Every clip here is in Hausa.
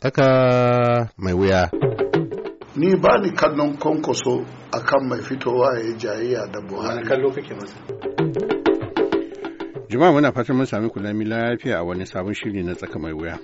tsaka mai wuya. Ni ba ni kallon kwankwaso a kan mai fitowa ya yi jayayya da Buhari. kallo kake masa. Juma'a muna fatan mun sami kula lafiya a wani sabon shiri na tsaka mai wuya.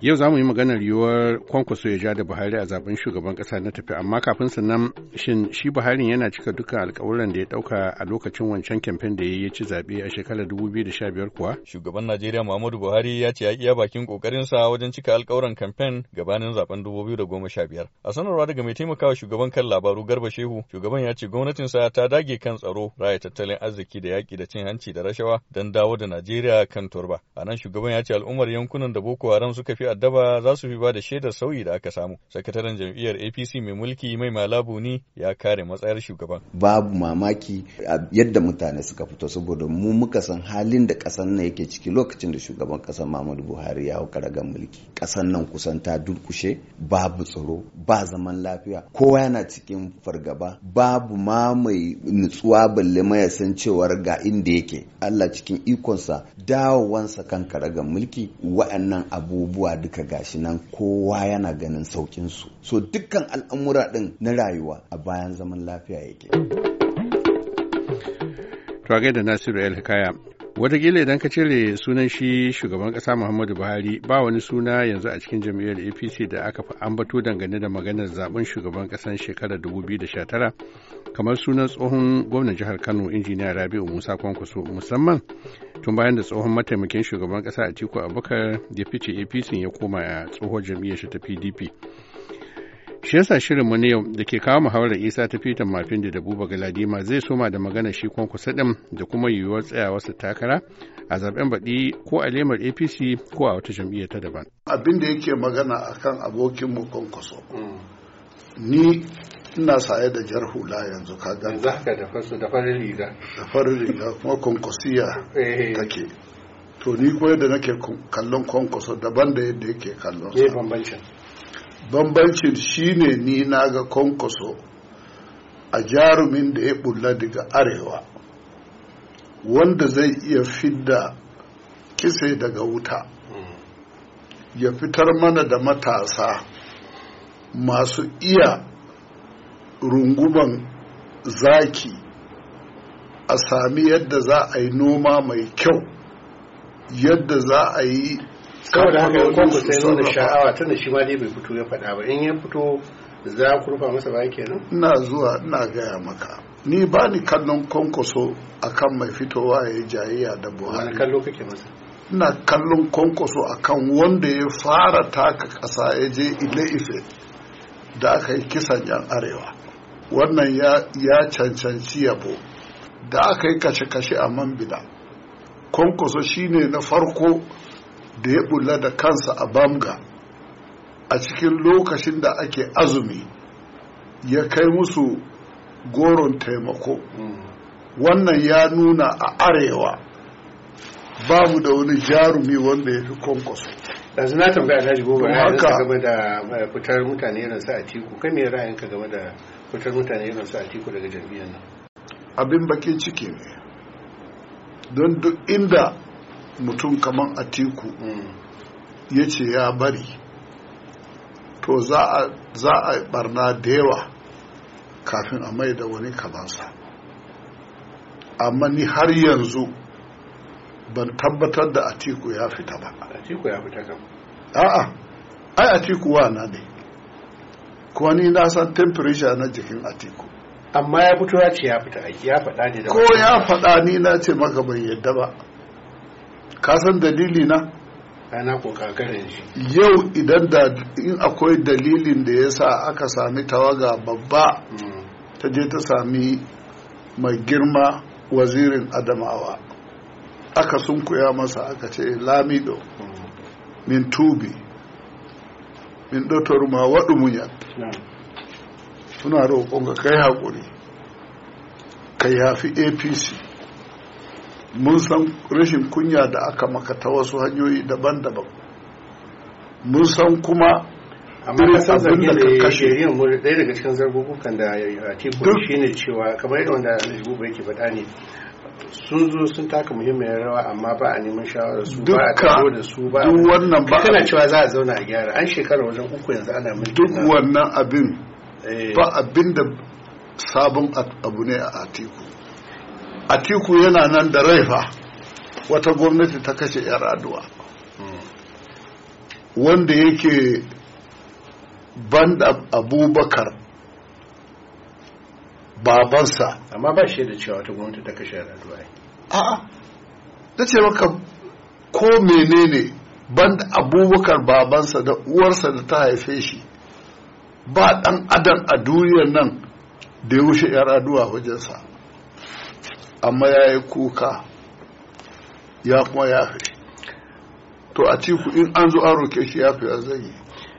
Yau za mu yi maganar yiwuwar kwankwaso ya ja da Buhari a zaben shugaban kasa na tafi amma kafin sannan shin shi Buhari yana cika dukkan alkawuran da ya dauka a lokacin wancan kamfen da ya yi ci zaɓe a shekarar 2015 kuwa? Shugaban Najeriya Muhammadu Buhari ya ce ya iya bakin kokarinsa wajen cika alkawuran kamfen gabanin zaben biyar. A sanarwa daga mai taimakawa shugaban kan labaru Garba Shehu, shugaban ya ce gwamnatinsa ta dage kan tsaro, raya tattalin arziki da yaƙi da cin hanci da rashawa don dawo da Najeriya kan turba. A nan shugaban ya ce al'ummar yankunan da Boko Haram suka fi fi addaba za su fi ba da shaidar sauyi da aka samu. Sakataren jam'iyyar APC mai mulki mai malabu ni ya kare matsayar shugaban. Babu mamaki yadda mutane suka fito saboda mu muka san halin da kasan nan yake ciki lokacin da shugaban ƙasar mamadu Buhari ya hau karagan mulki. Ƙasar nan kusan ta durkushe babu tsaro ba zaman lafiya kowa yana cikin fargaba babu ma mai nutsuwa balle ma san cewar ga inda yake Allah cikin ikonsa dawowansa kan karagan mulki wa'annan abubuwa duka gashi nan kowa yana ganin saukin su so dukkan al'amura din na rayuwa a bayan zaman lafiya yake to da nasiru el hikaya Wataƙila idan ka cire sunan shi shugaban kasa Muhammadu Buhari ba wani suna yanzu a cikin jam'iyyar APC da aka fi ambato dangane da maganar zaben shugaban kasan shekarar 2019 kamar sunan tsohon gwamnan jihar Kano injiniya Rabi'u Musa Kwankwaso musamman tun bayan da tsohon mataimakin shugaban ƙasa Atiku Abubakar ya fice APC ya koma a tsohon jam'iyyar shi ta PDP. Shi yasa mu na yau da ke kawo muhawarar Isa ta fitan mafin da Buba Galadima zai soma da magana shi kwankwasa ɗin da kuma yiwuwar su takara a zaben baɗi ko a lemar APC ko a wata jam'iyyar ta daban. Abin da yake magana a akan abokinmu kwankwaso. Mm. Ni ina saye da jar hula yanzu ka ga yanzu haka da da farin riga da farin riga kuma eh. take to ni ko da nake kallon kwankwaso daban da yadda yake kallon sa bambancin bambancin ne ni na ga kwankwaso a jarumin da ya bulla daga arewa wanda zai iya fidda kise daga wuta ya fitar mana da matasa masu iya runguman zaki a sami yadda za a yi noma mai kyau yadda za a yi saboda haka yan kwanku sai nuna sha'awa tunda shi ma dai bai fito ya faɗa ba in ya fito za ku rufa masa baya kenan ina zuwa ina gaya maka ni ba ni kallon kwankwaso kan mai fitowa ya yi jayayya da buhari kallo kake masa ina kallon kwankwaso akan wanda ya fara taka ƙasa ya je ile ife da aka yi kisan yan arewa wannan ya cancanci yabo da aka yi kashe-kashe a mambila kwankwaso shi ne na farko da ya bulla da kansa a bamga a cikin lokacin da ake azumi ya kai musu goron taimako wannan ya nuna a arewa ba mu da wani jarumi wanda ya fi kwankwaso yanzu na tambaya alhaji goma ya haka eh, game da fitar mutane irin su atiku kai ra'ayin ra'ayinka game da fitar mutane irin su tiku daga jam'iyyar nan abin bakin ciki ne don duk inda mutum kamar atiku ya ce ya bari to za a barna da yawa kafin a mai da wani kamansa amma ni har yanzu ban tabbatar da atiku ya fita ba atiku ya fita kam a'a ai atiku wa na ne kuma ni na san temperature na jikin atiku amma ya fito ya ce ya fita aiki ya faɗa ne da ko ya faɗa ni na ce maka yadda ba ka san dalili na ana kokakare shi yau idan da in akwai dalilin da ya sa aka sami tawaga babba hmm. ta je ta sami mai girma wazirin adamawa aka sunkuya masa aka ce lamido hmm. min tubi min dotor ma waɗu munya suna roƙon ga kai haƙuri ka yafi apc mun san rashin kunya da aka maka ta wasu hanyoyi daban-daban mun san kuma amma san zargin da ya kashe yin ɗaya daga cikin zargukukan da teku shi ne cewa kamar yadda wanda alhaji bai ke faɗa ne sun zo sun taka muhimmiyar rawa amma ba a neman shawara su ba a taro da su ba duk wannan ba kana cewa za a zauna a gyara an shekara wajen uku yanzu ana mun duk wannan abin eh. ba abin da sabon abu ne a atiku atiku yana nan da raifa wata gwamnati ta kashe 'yar aduwa wanda yake banda abubakar babansa amma ba shi da cewa wata gwamnati ta kashe 'yar aduwa a'a ta ce maka ko menene banda abubakar babansa da uwarsa da ta haife shi ba dan adam a duniyar nan da ya wuce 'yar aduwa wajensa amma ya yi kuka ya kuma ya fi to a ciku in an zo an roke shi fi a zai yi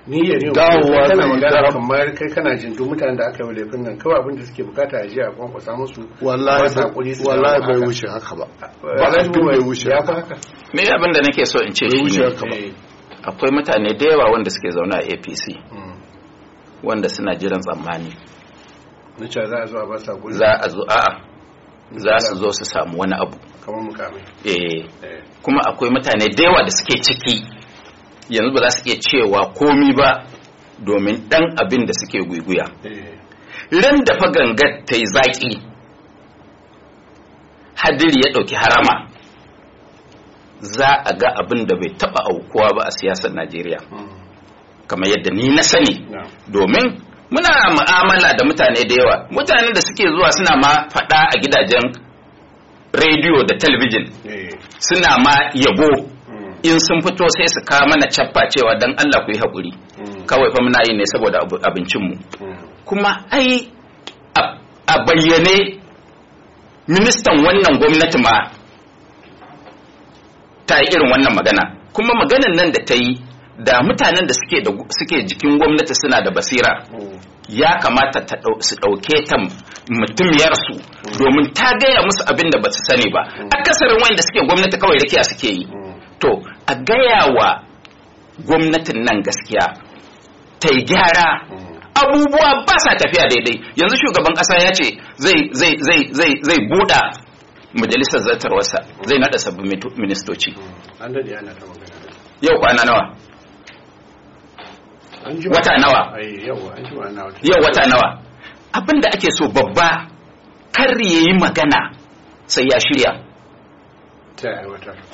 niyyar yin dawowa kana magana kamar kai kana jin duk mutanen da aka yi laifin nan kawai abin da suke bukata a ji a kwankwasa musu wallahi wallahi bai wuce haka ba eh, ba duk bai wuce haka me abin da nake so in ce shi ne eh. akwai mutane da yawa wanda suke zaune a APC hmm. wanda suna jiran tsammani za a zo a ba sa za a zo a'a za su zo su samu wani abu eh. Eh. kuma akwai mutane da yawa da suke ciki yanzu ba za su iya cewa komi ba domin ɗan abin da suke guguya. Eh. ran da fa gangar ta yi zaƙi hadiri ya ɗauki harama za a ga abin da bai taɓa aukuwa ba a siyasar najeriya hmm. kamar yadda ni na sani domin muna mu'amala da mutane da yawa mutane da suke zuwa suna ma faɗa a gidajen rediyo da talabijin eh. suna ma yabo hmm. in sun fito sai su kawo mana cappa cewa don Allah ku yi haƙuri hmm. kawai fa muna yi ne saboda abincinmu hmm. kuma ai a bayyane ministan wannan gwamnati ma ta yi irin wannan magana kuma maganan nan da ta yi da mutanen da suke da suke jikin gwamnati suna da basira ya kamata ta su dauke ta mutumiyar su domin ta gaya musu abin da ba su sani ba akasarin wanda suke gwamnati kawai rakiya suke yi to a gaya wa gwamnatin nan gaskiya ta yi gyara abubuwa ba sa tafiya daidai yanzu shugaban kasa ya ce zai zai zai zai zai buɗa majalisar zartarwarsa zai nada sabbin ministoci yau kwana nawa wata nawa yau wata nawa abinda ake so babba kar ya yi magana sai ya shirya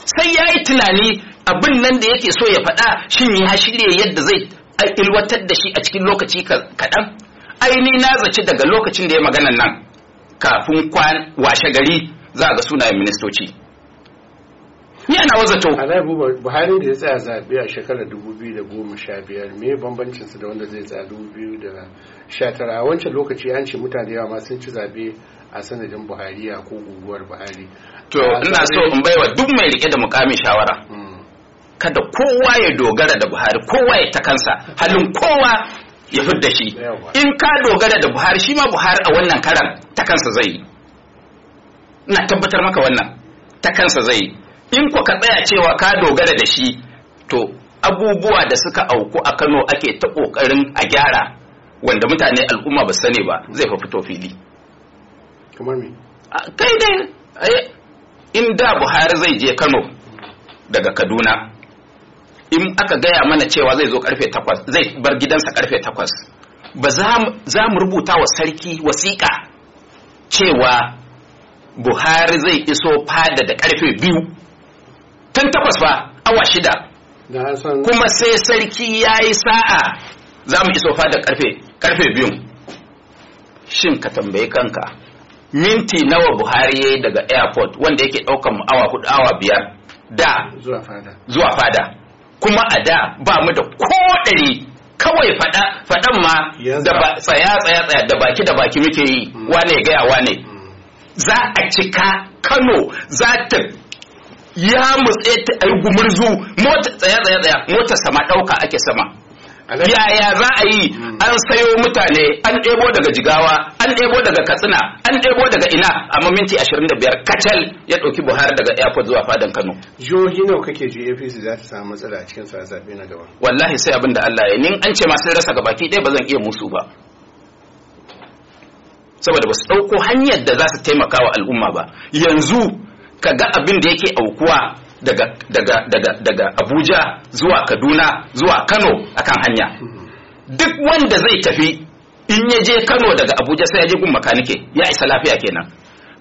sai ya yi tunani abin nan da yake so ya faɗa shin ya shirya yadda zai ilwatar da shi a cikin lokaci kaɗan aini na zaci daga lokacin da ya maganan nan kafin kwan washe gari za a ga sunayen ministoci ni ana wazato alhaji buhari da ya tsaya zaɓe a shekarar dubu biyu da goma sha biyar me bambancin su da wanda zai tsaya dubu biyu da 2019 a wancan lokaci an ce mutane yawa ma sun ci zaɓe a sanadin buhari ko guguwar buhari to ina so in baiwa duk mai rike da mukamin shawara hmm. kada kowa ya dogara da buhari kowa ya ta kansa halin kowa ya fidda shi in ka dogara da buhari shi ma buhari a wannan karan ta kansa zai yi ina tabbatar maka wannan ta kansa zai yi in ku ka tsaya cewa ka dogara da shi to abubuwa da suka auku a Kano ake ta kokarin a gyara wanda mutane al'umma ba sani ba zai fa fito fili kamar me kai dai in da Buhari zai je Kano daga Kaduna in aka gaya mana cewa zai zo karfe 8 zai bar gidansa karfe 8 ba za mu rubuta wa sarki wasiƙa cewa Buhari zai iso fada da karfe biyu tun takwas ba awa shida kuma sai sarki ya yi sa'a za mu iso fadar karfe karfe biyun shin ka tambayi kanka minti nawa buhari ya yi daga airport wanda yake ɗaukan awa hudu awa biyar da zuwa fada kuma a da ba mu da ko ɗari kawai faɗan ma da tsaya tsaya tsaya da baki da baki muke yi mm. wane gaya wane mm. za a cika kano za ta ya mutse ta ai gumurzu mota tsaya tsaya tsaya mota sama ɗauka ake sama yaya za a yi hmm. an sayo mutane an ɗebo daga jigawa an ɗebo daga katsina an ɗebo daga ina a minti 25 kacal ya ɗauki buhari daga airport zuwa fadan kano jihohi nawa kake ji apc za ta samu matsala a cikin sa zaɓe na gaba wallahi sai abinda da allah ya nin an ce masu rasa baki ɗaya ba zan iya musu ba saboda ba su ɗauko hanyar da za su taimaka wa al'umma ba yanzu ka ga abin da yake aukuwa daga, abuja zuwa kaduna zuwa kano akan hanya duk wanda zai tafi in ya je kano daga abuja sai ya je gun makanike ya isa lafiya kenan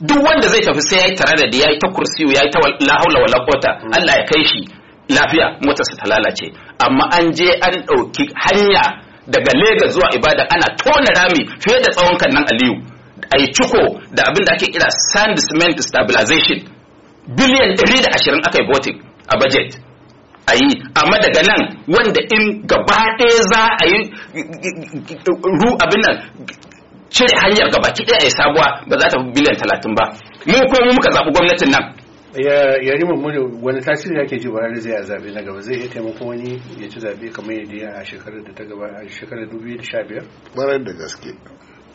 duk wanda zai tafi sai ya yi tare da ya yi ta kursiyu ya yi ta la haula Allah ya kai shi lafiya motarsa ta lalace amma an je an ɗauki hanya daga Legas zuwa ibada ana tona rami fiye da tsawon kan nan Aliyu a yi ciko da abin da ake kira sand cement stabilization biliyan 120 aka yi voting a budget a yi amma daga nan wanda in gaba ɗaya za a yi ru abin nan cire hanyar gaba ki ɗaya a yi sabuwa ba za ta fi biliyan 30 ba mu ko mu muka zaɓi gwamnatin nan ya yi mummuni wani tasiri yake ji bari zai a na gaba zai iya taimakon wani ya ci zaɓe kamar yadda ya a shekarar da ta gaba a shekarar 2015 bari da gaske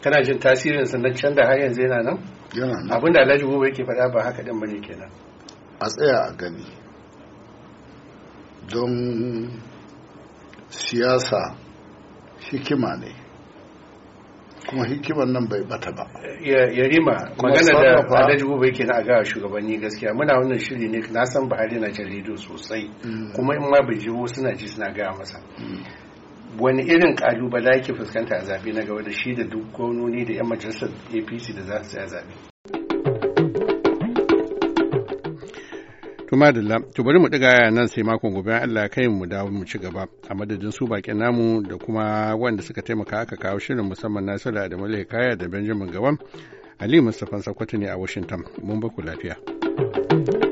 kana jin tasirin sannan can da har yanzu yana nan abinda da alhaji gobe yake faɗa ba haka ɗin bane kenan a tsaya a gani don siyasa hikima ne kuma hikiman nan bai bata ba ya rima magana da alhaji gobe yake na a shugabanni gaskiya muna wannan shiri ne na san buhari na jaridu sosai mm. kuma in ma bai jiwo suna ji suna gaya masa mm. wani irin kalubala yake fuskanta a zaɓe na gaba da shi da duk gwamnoni da 'yan majalisar apc da za su tsaya zaɓe tuma da to bari mu ɗiga nan sai makon gobe Allah kai mu dawo mu ci gaba a madadin su bakin namu da kuma wanda suka taimaka aka kawo shirin musamman Nasiru da Malik Kaya da Benjamin Gawan Ali mustafan Sakwati ne a Washington mun ba lafiya